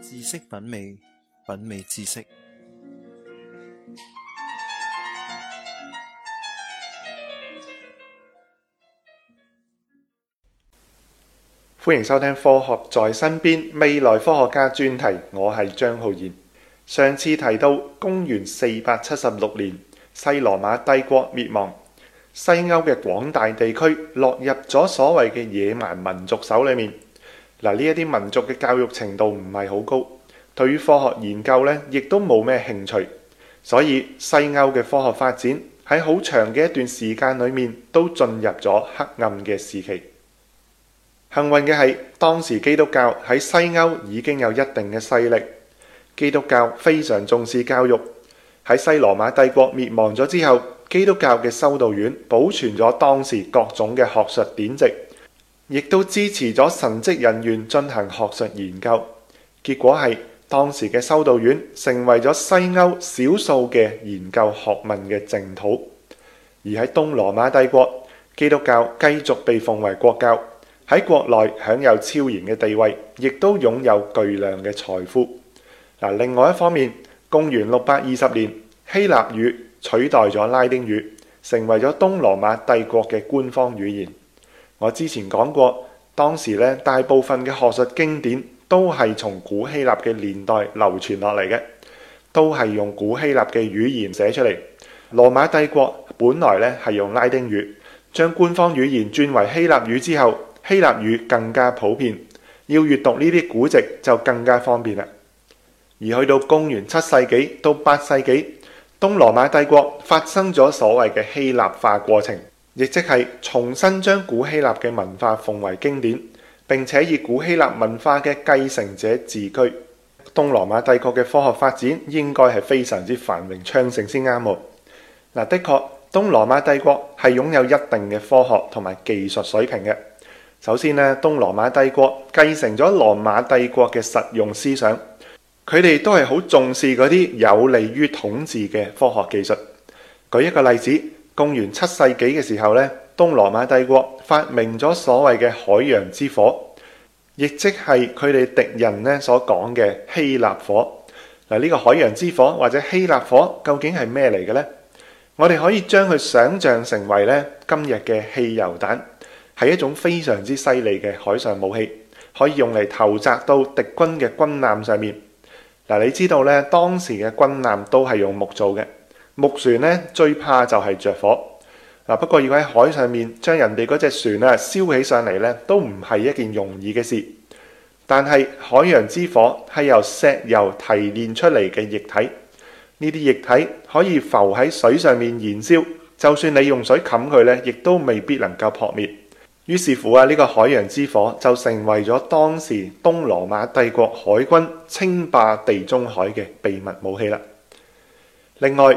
知識品味，品味知識。歡迎收聽《科學在身邊：未來科學家》專題，我係張浩然。上次提到公元四百七十六年，西羅馬帝國滅亡，西歐嘅廣大地區落入咗所謂嘅野蠻民族手裏面。嗱，呢一啲民族嘅教育程度唔係好高，對於科學研究呢亦都冇咩興趣，所以西歐嘅科學發展喺好長嘅一段時間裏面都進入咗黑暗嘅時期。幸運嘅係，當時基督教喺西歐已經有一定嘅勢力，基督教非常重視教育。喺西羅馬帝國滅亡咗之後，基督教嘅修道院保存咗當時各種嘅學術典籍。亦都支持咗神職人員進行學術研究，結果係當時嘅修道院成為咗西歐少數嘅研究學問嘅淨土。而喺東羅馬帝國，基督教繼續被奉為國教，喺國內享有超然嘅地位，亦都擁有巨量嘅財富。嗱，另外一方面，公元六百二十年，希臘語取代咗拉丁語，成為咗東羅馬帝國嘅官方語言。我之前講過，當時咧大部分嘅學術經典都係從古希臘嘅年代流傳落嚟嘅，都係用古希臘嘅語言寫出嚟。羅馬帝國本來咧係用拉丁語，將官方語言轉為希臘語之後，希臘語更加普遍，要閱讀呢啲古籍就更加方便啦。而去到公元七世紀到八世紀，東羅馬帝國發生咗所謂嘅希臘化過程。亦即係重新將古希臘嘅文化奉為經典，並且以古希臘文化嘅繼承者自居。東羅馬帝國嘅科學發展應該係非常之繁榮昌盛先啱喎。嗱，的確，東羅馬帝國係擁有一定嘅科學同埋技術水平嘅。首先呢，東羅馬帝國繼承咗羅馬帝國嘅實用思想，佢哋都係好重視嗰啲有利於統治嘅科學技術。舉一個例子。公元七世紀的時候，東羅馬帝國發明了所謂的海洋之火，亦即是佢哋敵人所講的希臘火。這個海洋之火或者希臘火究竟係咩嚟嘅呢？我們可以將它想象成為今日的汽油彈，是一種非常之犀利的海上武器，可以用來投擲到敵軍的軍艦上面。你知道當時的軍艦都是用木做的。木船呢，最怕就係着火嗱，不過要喺海上面將人哋嗰隻船咧燒起上嚟呢，都唔係一件容易嘅事。但係海洋之火係由石油提煉出嚟嘅液體，呢啲液體可以浮喺水上面燃燒，就算你用水冚佢呢，亦都未必能夠撲滅。於是乎啊，呢個海洋之火就成為咗當時東羅馬帝國海軍稱霸地中海嘅秘密武器啦。另外，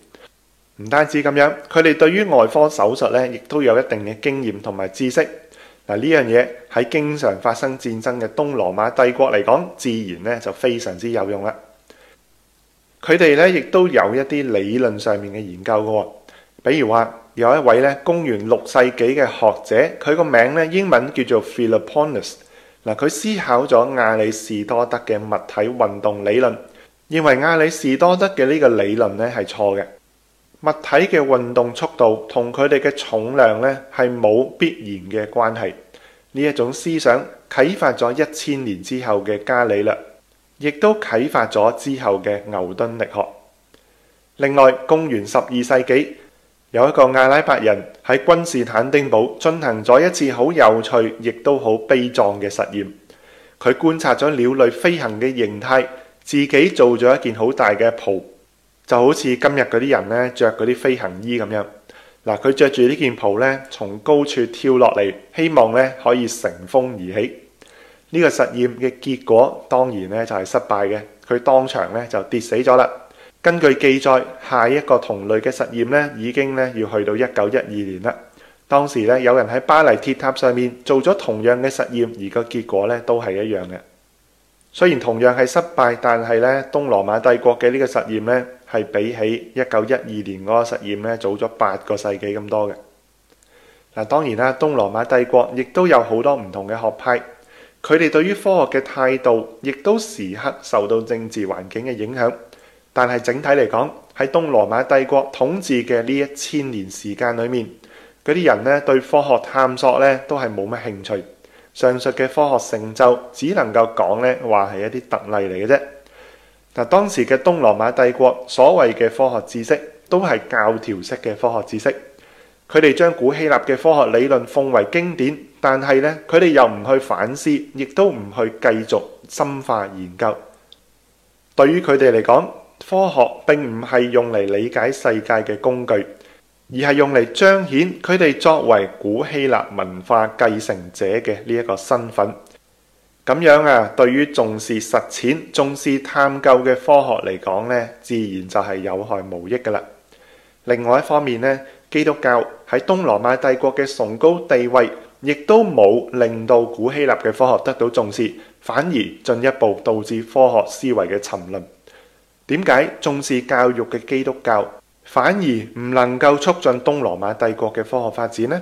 唔單止咁樣，佢哋對於外科手術咧，亦都有一定嘅經驗同埋知識。嗱，呢樣嘢喺經常發生戰爭嘅東羅馬帝國嚟講，自然咧就非常之有用啦。佢哋咧亦都有一啲理論上面嘅研究噶，比如話有一位咧，公元六世紀嘅學者，佢個名咧英文叫做 Philoponus。嗱，佢思考咗亞里士多德嘅物體運動理論，認為亞里士多德嘅呢個理論咧係錯嘅。物體嘅運動速度同佢哋嘅重量呢係冇必然嘅關係。呢一種思想啟發咗一千年之後嘅伽利略，亦都啟發咗之後嘅牛頓力學。另外，公元十二世紀有一個阿拉伯人喺君士坦丁堡進行咗一次好有趣亦都好悲壯嘅實驗。佢觀察咗鳥類飛行嘅形態，自己做咗一件好大嘅袍。就好似今日嗰啲人呢着嗰啲飛行衣咁樣嗱。佢着住呢件袍呢，從高處跳落嚟，希望呢可以乘風而起。呢個實驗嘅結果當然呢就係失敗嘅，佢當場呢就跌死咗啦。根據記載，下一個同類嘅實驗呢已經呢要去到一九一二年啦。當時呢，有人喺巴黎鐵塔上面做咗同樣嘅實驗，而個結果呢都係一樣嘅。雖然同樣係失敗，但係呢東羅馬帝國嘅呢個實驗呢。係比起一九一二年嗰個實驗咧，早咗八個世紀咁多嘅。嗱，當然啦，東羅馬帝國亦都有好多唔同嘅學派，佢哋對於科學嘅態度，亦都時刻受到政治環境嘅影響。但係整體嚟講，喺東羅馬帝國統治嘅呢一千年時間裏面，嗰啲人呢對科學探索呢都係冇乜興趣。上述嘅科學成就，只能夠講呢話係一啲特例嚟嘅啫。嗱，當時嘅東羅馬帝國所謂嘅科學知識，都係教條式嘅科學知識。佢哋將古希臘嘅科學理論奉為經典，但係咧，佢哋又唔去反思，亦都唔去繼續深化研究。對於佢哋嚟講，科學並唔係用嚟理解世界嘅工具，而係用嚟彰顯佢哋作為古希臘文化繼承者嘅呢一個身份。咁樣啊，對於重視實踐、重視探究嘅科學嚟講呢，自然就係有害無益㗎喇。另外一方面呢，基督教喺東羅馬帝國嘅崇高地位，亦都冇令到古希臘嘅科學得到重視，反而進一步導致科學思維嘅沉淪。點解重視教育嘅基督教反而唔能夠促進東羅馬帝國嘅科學發展呢？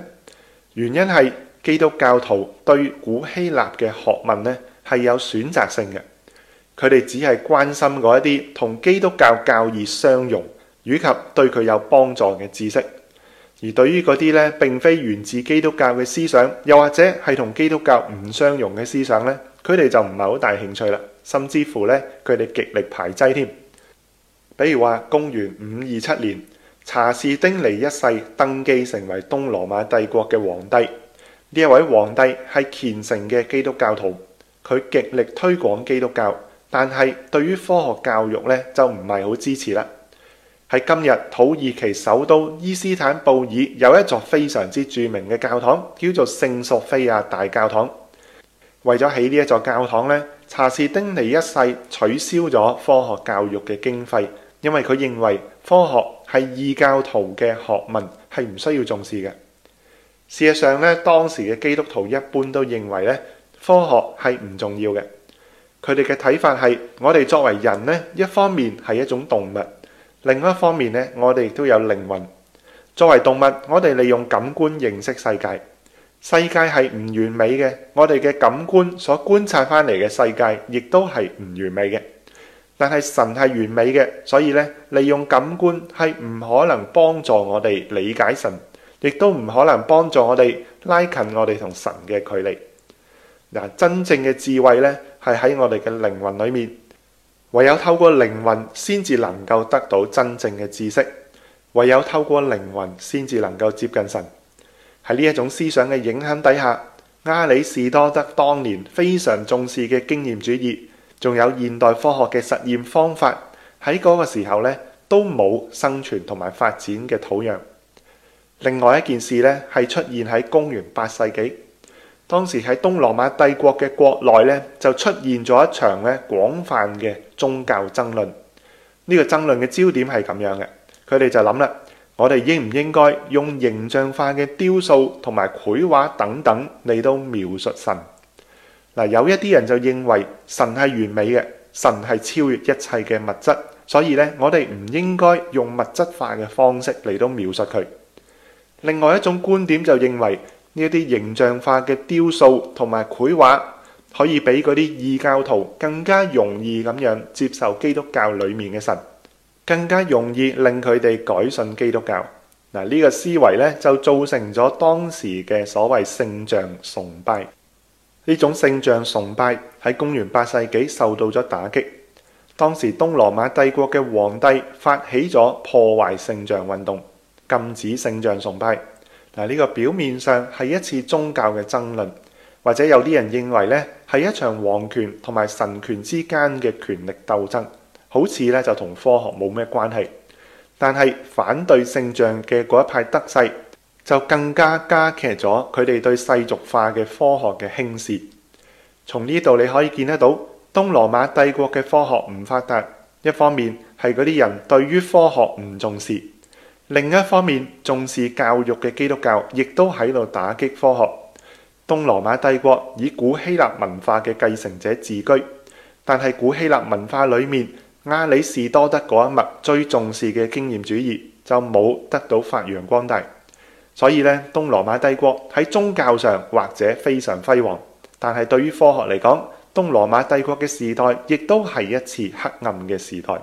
原因係：基督教徒對古希臘嘅學問呢，係有選擇性嘅，佢哋只係關心嗰一啲同基督教教義相容以及對佢有幫助嘅知識。而對於嗰啲呢，並非源自基督教嘅思想，又或者係同基督教唔相容嘅思想呢，佢哋就唔係好大興趣啦，甚至乎呢，佢哋極力排擠添。比如話，公元五二七年，查士丁尼一世登基成為東羅馬帝國嘅皇帝。呢一位皇帝係虔誠嘅基督教徒，佢極力推廣基督教，但係對於科學教育呢，就唔係好支持啦。喺今日土耳其首都伊斯坦布爾，有一座非常之著名嘅教堂，叫做聖索菲亞大教堂。為咗起呢一座教堂呢，查士丁尼一世取消咗科學教育嘅經費，因為佢認為科學係異教徒嘅學問，係唔需要重視嘅。事實上咧，當時嘅基督徒一般都認為咧，科學係唔重要嘅。佢哋嘅睇法係，我哋作為人咧，一方面係一種動物，另外一方面咧，我哋都有靈魂。作為動物，我哋利用感官認識世界。世界係唔完美嘅，我哋嘅感官所觀察翻嚟嘅世界亦都係唔完美嘅。但係神係完美嘅，所以咧利用感官係唔可能幫助我哋理解神。亦都唔可能幫助我哋拉近我哋同神嘅距離。嗱，真正嘅智慧咧，係喺我哋嘅靈魂裏面。唯有透過靈魂，先至能夠得到真正嘅知識；唯有透過靈魂，先至能夠接近神。喺呢一種思想嘅影響底下，亞里士多德當年非常重視嘅經驗主義，仲有現代科學嘅實驗方法，喺嗰個時候呢都冇生存同埋發展嘅土壤。另外一件事咧，係出現喺公元八世紀，當時喺東羅馬帝國嘅國內咧，就出現咗一場咧廣泛嘅宗教爭論。呢個爭論嘅焦點係咁樣嘅，佢哋就諗啦，我哋應唔應該用形象化嘅雕塑同埋繪畫等等嚟到描述神？嗱，有一啲人就認為神係完美嘅，神係超越一切嘅物質，所以咧我哋唔應該用物質化嘅方式嚟到描述佢。另外一種觀點就認為呢一啲形象化嘅雕塑同埋繪畫可以俾嗰啲異教徒更加容易咁樣接受基督教裏面嘅神，更加容易令佢哋改信基督教。嗱、啊、呢、呢個思維咧就造成咗當時嘅所謂聖像崇拜。呢種聖像崇拜喺公元八世紀受到咗打擊，當時東羅馬帝國嘅皇帝發起咗破壞聖像運動。禁止聖像崇拜，嗱、這、呢個表面上係一次宗教嘅爭論，或者有啲人認為呢係一場皇權同埋神權之間嘅權力鬥爭，好似呢就同科學冇咩關係。但係反對聖像嘅嗰一派得勢，就更加加劇咗佢哋對世俗化嘅科學嘅輕視。從呢度你可以見得到，東羅馬帝國嘅科學唔發達，一方面係嗰啲人對於科學唔重視。另一方面，重視教育嘅基督教亦都喺度打擊科學。東羅馬帝國以古希臘文化嘅繼承者自居。但係古希臘文化裏面，阿里士多德嗰一脈最重視嘅經驗主義，就冇得到發揚光大。所以呢，東羅馬帝國喺宗教上或者非常輝煌。但係對於科學嚟講，東羅馬帝國嘅時代亦都係一次黑暗嘅時代。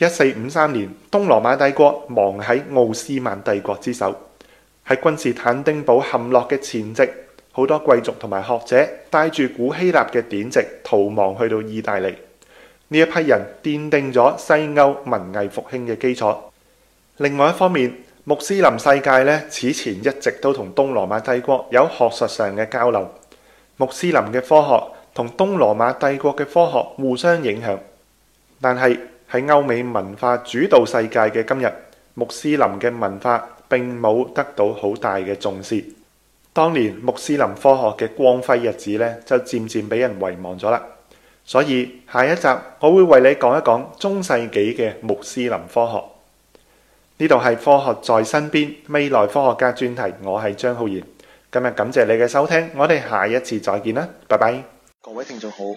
一四五三年，東羅馬帝國亡喺奧斯曼帝國之手，喺君士坦丁堡陷落嘅前夕，好多貴族同埋學者帶住古希臘嘅典籍逃亡去到意大利。呢一批人奠定咗西歐文藝復興嘅基礎。另外一方面，穆斯林世界呢，此前一直都同東羅馬帝國有學術上嘅交流，穆斯林嘅科學同東羅馬帝國嘅科學互相影響，但係，喺歐美文化主導世界嘅今日，穆斯林嘅文化並冇得到好大嘅重視。當年穆斯林科學嘅光輝日子呢，就漸漸俾人遺忘咗啦。所以下一集我會為你講一講中世紀嘅穆斯林科學。呢度係科學在身邊未來科學家專題，我係張浩然。今日感謝你嘅收聽，我哋下一次再見啦，拜拜。各位聽眾好。